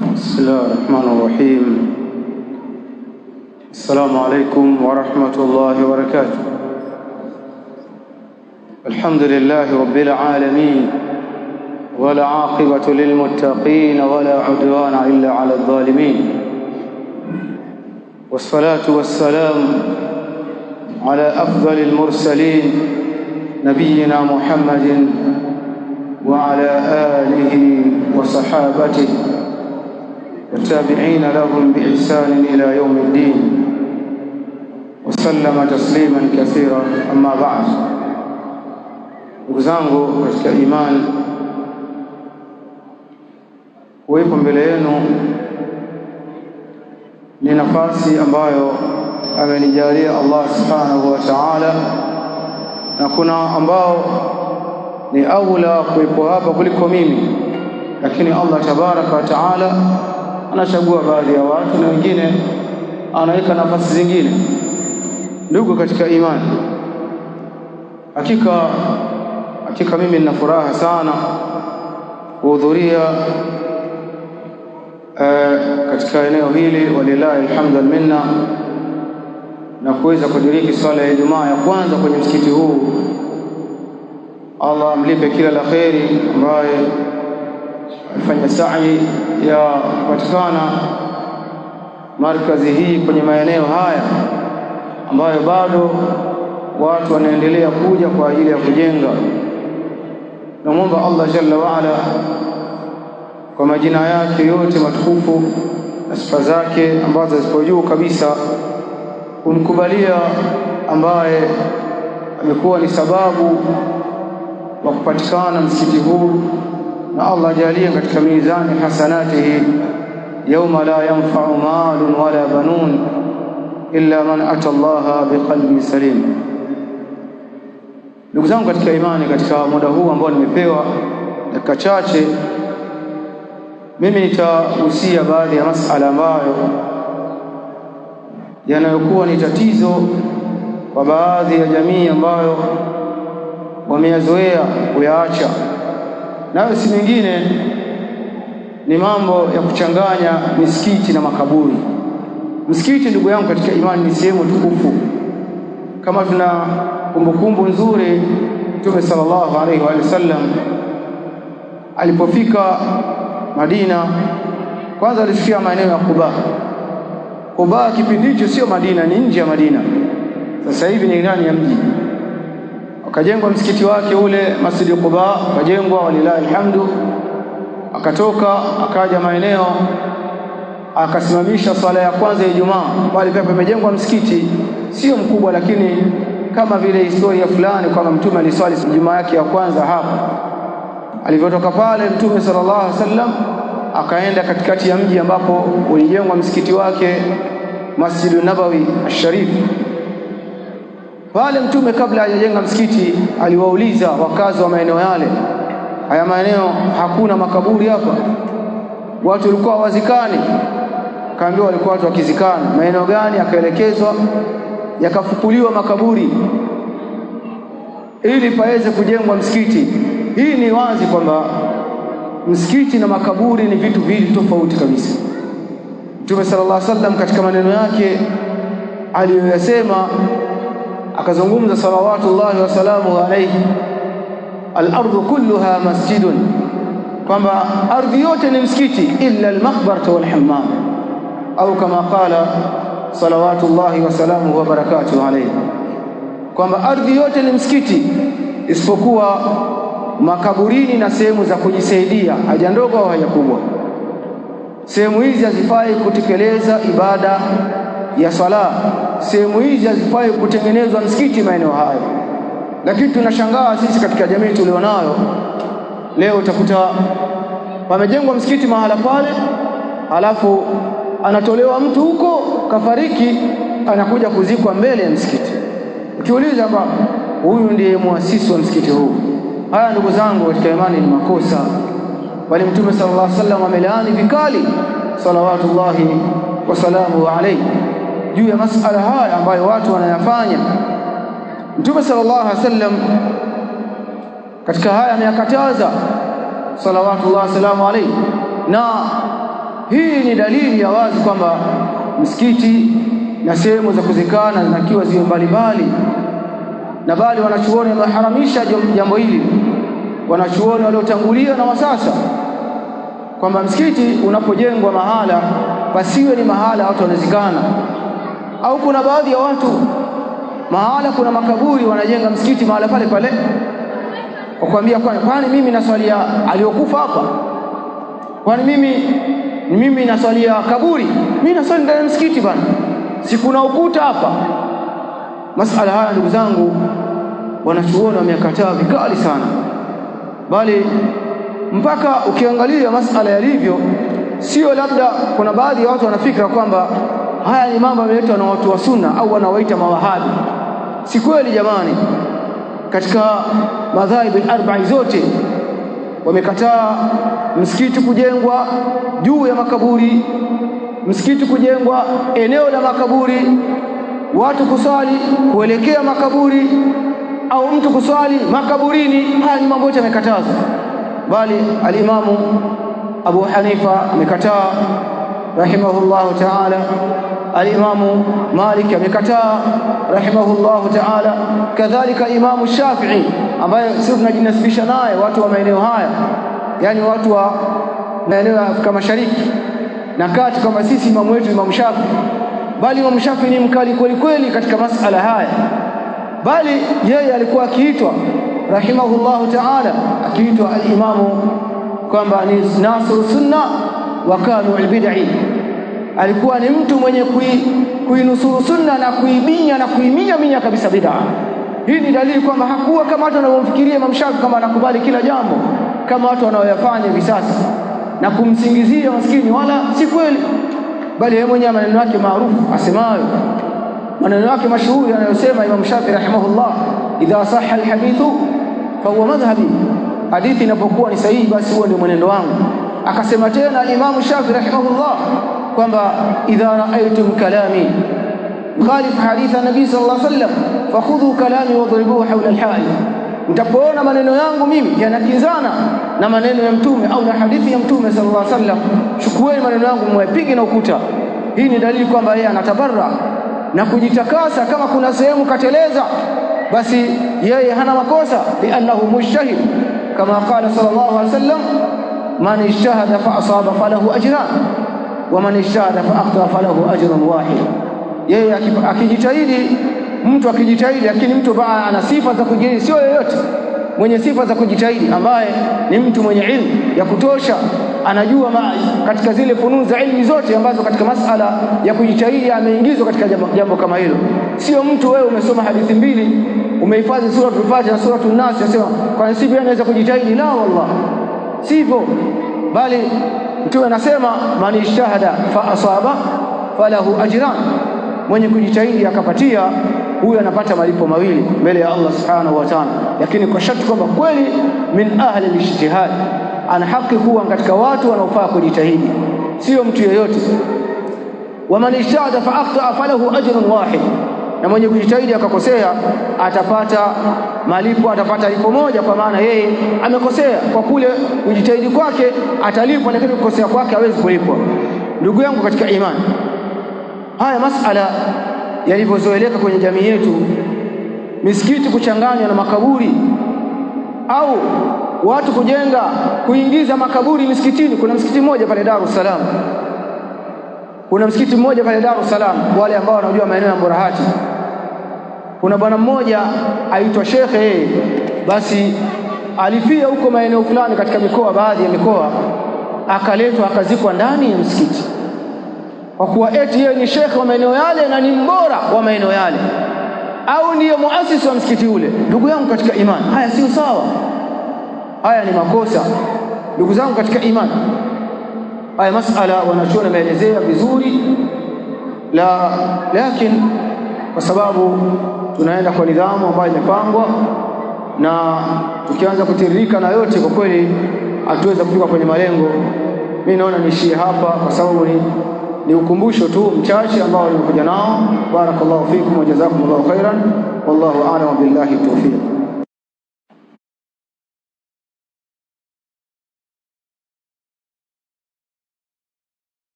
بسم الله الرحمن الرحيم السلام عليكم ورحمة الله وبركاته الحمد لله رب العالمين ولا عاقبة للمتقين ولا عدوان إلا على الظالمين والصلاة والسلام على أفضل المرسلين نبينا محمد وعلى آله وصحابته والتابعين لهم بإحسان إلى يوم الدين وسلم تسليما كثيرا أما بعد وزانغو رسك إيمان ويكم بلين لنفاسي أمبايو أمين جارية الله سبحانه وتعالى نكون أمبايو لأولى قيبوا هذا كلكم مني لكن الله تبارك وتعالى anachagua baadhi ya watu na wengine anaweka nafasi zingine. Ndugu katika imani, hakika hakika mimi nina furaha sana kuhudhuria e, katika eneo hili walilahi alhamdu minna, na kuweza kudiriki swala ya Ijumaa ya kwanza kwenye msikiti huu. Allah amlipe kila la kheri ambaye fanya sa'i ya kupatikana markazi hii kwenye maeneo haya ambayo bado watu wanaendelea kuja kwa ajili ya kujenga. Namwomba Allah jalla waala kwa majina yake yote matukufu na sifa zake ambazo zipo juu kabisa, kumkubalia ambaye amekuwa ni sababu wa kupatikana msikiti huu na Allah ajalie katika mizani hasanatihi yauma la yanfau malun wala banun illa man ata llaha biqalbi salim. Ndugu zangu katika imani, katika muda huu ambao nimepewa dakika chache, mimi nitahusia baadhi ya masala ambayo yanayokuwa ni tatizo kwa baadhi ya jamii ambayo wameyazoea kuyaacha nayo si nyingine, ni mambo ya kuchanganya misikiti na makaburi. Msikiti, ndugu yangu katika imani, ni sehemu tukufu. Kama tuna kumbukumbu nzuri, Mtume sallallahu alaihi wa sallam alipofika Madina, kwanza alifikia maeneo ya Quba. Quba kipindi hicho sio Madina, ni nje ya Madina. Sasa hivi ni ndani ya mji wakajengwa msikiti wake ule Masjidi Quba, ukajengwa walilahi alhamdu. Akatoka akaja maeneo akasimamisha swala ya kwanza ya Ijumaa pale pia pamejengwa msikiti, sio mkubwa, lakini kama vile historia fulani kwamba Mtume aliswali Ijumaa yake ya kwanza hapa. Alivyotoka pale Mtume sallallahu alaihi wasallam akaenda katikati ya mji ambapo ulijengwa msikiti wake Masjidu Nabawi Asharif. Pale Mtume kabla hajajenga msikiti aliwauliza wakazi wa maeneo yale, haya maeneo hakuna makaburi hapa, watu walikuwa wazikani Kaambiwa walikuwa watu wakizikana. Maeneo gani? Akaelekezwa, yakafukuliwa makaburi ili paweze kujengwa msikiti. Hii ni wazi kwamba msikiti na makaburi ni vitu viwili tofauti kabisa. Mtume sallallahu alaihi wasallam katika maneno yake aliyoyasema akazungumza salawatu llahi wasalamuhu alaihi, alardhu kulluha masjidun, kwamba ardhi yote ni msikiti, illa almaqbarata walhammam, au kama qala salawatu llahi wasalamuhu wabarakatuhu alaihi, kwamba ardhi yote ni msikiti isipokuwa makaburini na sehemu za kujisaidia, haja ndogo au haja kubwa. Sehemu hizi hazifai kutekeleza ibada ya sala. Sehemu hizi hazifai kutengenezwa msikiti maeneo hayo, lakini tunashangaa sisi katika jamii tulionayo leo, utakuta pamejengwa msikiti mahala pale, halafu anatolewa mtu huko, kafariki, anakuja kuzikwa mbele ya msikiti. Ukiuliza kwamba huyu ndiye muasisi wa msikiti huu. Haya ndugu zangu katika imani ni makosa, bali Mtume sallallahu alaihi wasallam amelaani vikali, salawatullahi wasalamu alaihi juu ya masala haya ambayo watu wanayafanya. Mtume sallallahu alaihi wasallam katika haya ameyakataza, salawatullahi wasalamu alaihi, na hii ni dalili ya wazi kwamba msikiti na sehemu za kuzikana zinakiwa ziwe mbalimbali, na bali wanachuoni wameharamisha jambo hili, wanachuoni waliotangulia na wasasa, kwamba msikiti unapojengwa mahala pasiwe ni mahala watu wanazikana au kuna baadhi ya watu mahala kuna makaburi wanajenga msikiti mahala pale pale, wakwambia kwani mimi naswalia aliyokufa hapa? Kwani mimi mimi naswalia kaburi? Mimi naswali ndani ya msikiti bana, si kuna ukuta hapa? Masala haya ndugu zangu, wanachuoni wamekataa vikali sana, bali mpaka ukiangalia masala yalivyo, sio labda kuna baadhi ya watu wanafikira kwamba haya ni mambo yameletwa na watu wa sunna au wanawaita mawahabi. Si kweli jamani, katika madhahib al-arba'i zote wamekataa msikiti kujengwa juu ya makaburi, msikiti kujengwa eneo la makaburi, watu kuswali kuelekea makaburi au mtu kuswali makaburini. Haya ni mambo yote yamekatazwa, bali alimamu Abu Hanifa amekataa rahimahullahu ta'ala alimamu Malik amekataa rahimahullahu taala. Kadhalika imamu Shafii ambaye sio tunajinasibisha naye, watu wa maeneo haya, yaani watu wa maeneo ya Afrika Mashariki na kati, kwamba sisi imamu wetu imamu Shafii, bali imamu Shafii ni mkali kweli kweli katika masala haya, bali yeye alikuwa akiitwa rahimahullahu taala, akiitwa alimamu kwamba ni nasru sunna wa kanu albidai alikuwa ni mtu mwenye kuinusuru kui sunna na kuibinya na minya kabisa bid'a. Hii ni dalili kwamba hakuwa kama watu wanavyomfikiria Imam Shafi, kama anakubali kila jambo kama watu wanaoyafanya hivi sasa na kumsingizia maskini, wala si kweli, bali yeye mwenyewe maneno yake maarufu asemayo, maneno yake mashuhuri anayosema Imam Shafi rahimahullah, idha sahha alhadithu fa huwa madhhabi, hadithi inapokuwa ni sahihi, basi huo ndio mwenendo wangu. Akasema tena Imam Shafi rahimahullah kwamba idha raaitum kalami khalif haditha nabii sallallahu alaihi wasallam fakhudhu kalami wadribuhu hawla alhaid, mtapoona maneno yangu mimi yanakinzana na maneno ya mtume au na hadithi ya mtume sallallahu alaihi wasallam, chukueni maneno yangu mwayapige na ukuta. Hii ni dalili kwamba yeye anatabara na kujitakasa. Kama kuna sehemu kateleza, basi yeye hana makosa, liannahu mushtahid, kama qala sallallahu alaihi wasallam man ijtahada fa asaba falahu ajran wa man ijtahada fa akhta falahu ajrun wahid, yeye akijitahidi, mtu akijitahidi. Lakini mtu baa ana sifa za kujitahidi, sio yoyote mwenye sifa za kujitahidi, ambaye ni mtu mwenye ilmu ya kutosha, anajua ma, katika zile fununu za ilmu zote ambazo katika masala ya kujitahidi ameingizwa katika jambo, jambo kama hilo. Sio mtu wewe umesoma hadithi mbili umehifadhi suratul Fatiha na suratul Nas, nasema kwa nasibu anaweza kujitahidi. La, wallah sivyo, bali Mtume anasema man ijtahada fa asaba falahu ajran, mwenye kujitahidi akapatia huyu anapata malipo mawili mbele ya Allah subhanahu wa ta'ala, lakini kwa sharti kwamba kweli min ahli lijtihad ana haki kuwa katika watu wanaofaa kujitahidi, sio mtu yeyote. Waman ijtahada fa akhtaa falahu ajrun wahid na mwenye kujitahidi akakosea atapata malipo, atapata lipo moja, kwa maana yeye amekosea kwa kule kujitahidi kwake atalipwa, lakini kukosea kwake hawezi kulipwa. Ndugu yangu katika imani, haya masala yalivyozoeleka kwenye jamii yetu, misikiti kuchanganywa na makaburi au watu kujenga kuingiza makaburi misikitini. Kuna msikiti mmoja pale Dar es Salaam, kuna msikiti mmoja pale Dar es Salaam, wale ambao wanajua maeneo ya Mburahati kuna bwana mmoja aitwa shekhe yeye, basi alifia huko maeneo fulani katika mikoa, baadhi ya mikoa, akaletwa akazikwa ndani ya msikiti, kwa kuwa eti yeye ni shekhe wa maeneo yale na ni mbora wa maeneo yale, au ndiyo muasisi wa msikiti ule. Ndugu yangu katika imani, haya sio sawa, haya ni makosa. Ndugu zangu katika imani, haya masala wanachuoni ameelezea vizuri la, lakini kwa sababu tunaenda kwa nidhamu ambayo imepangwa, na tukianza kutiririka na yote, kwa kweli hatuweza kufika kwenye malengo. Mimi naona niishie hapa kwa sababu ni, ni ukumbusho tu mchache ambao nimekuja nao. Barakallahu fikum wa jazakumullahu khairan, wallahu a'lam, billahi tawfiq.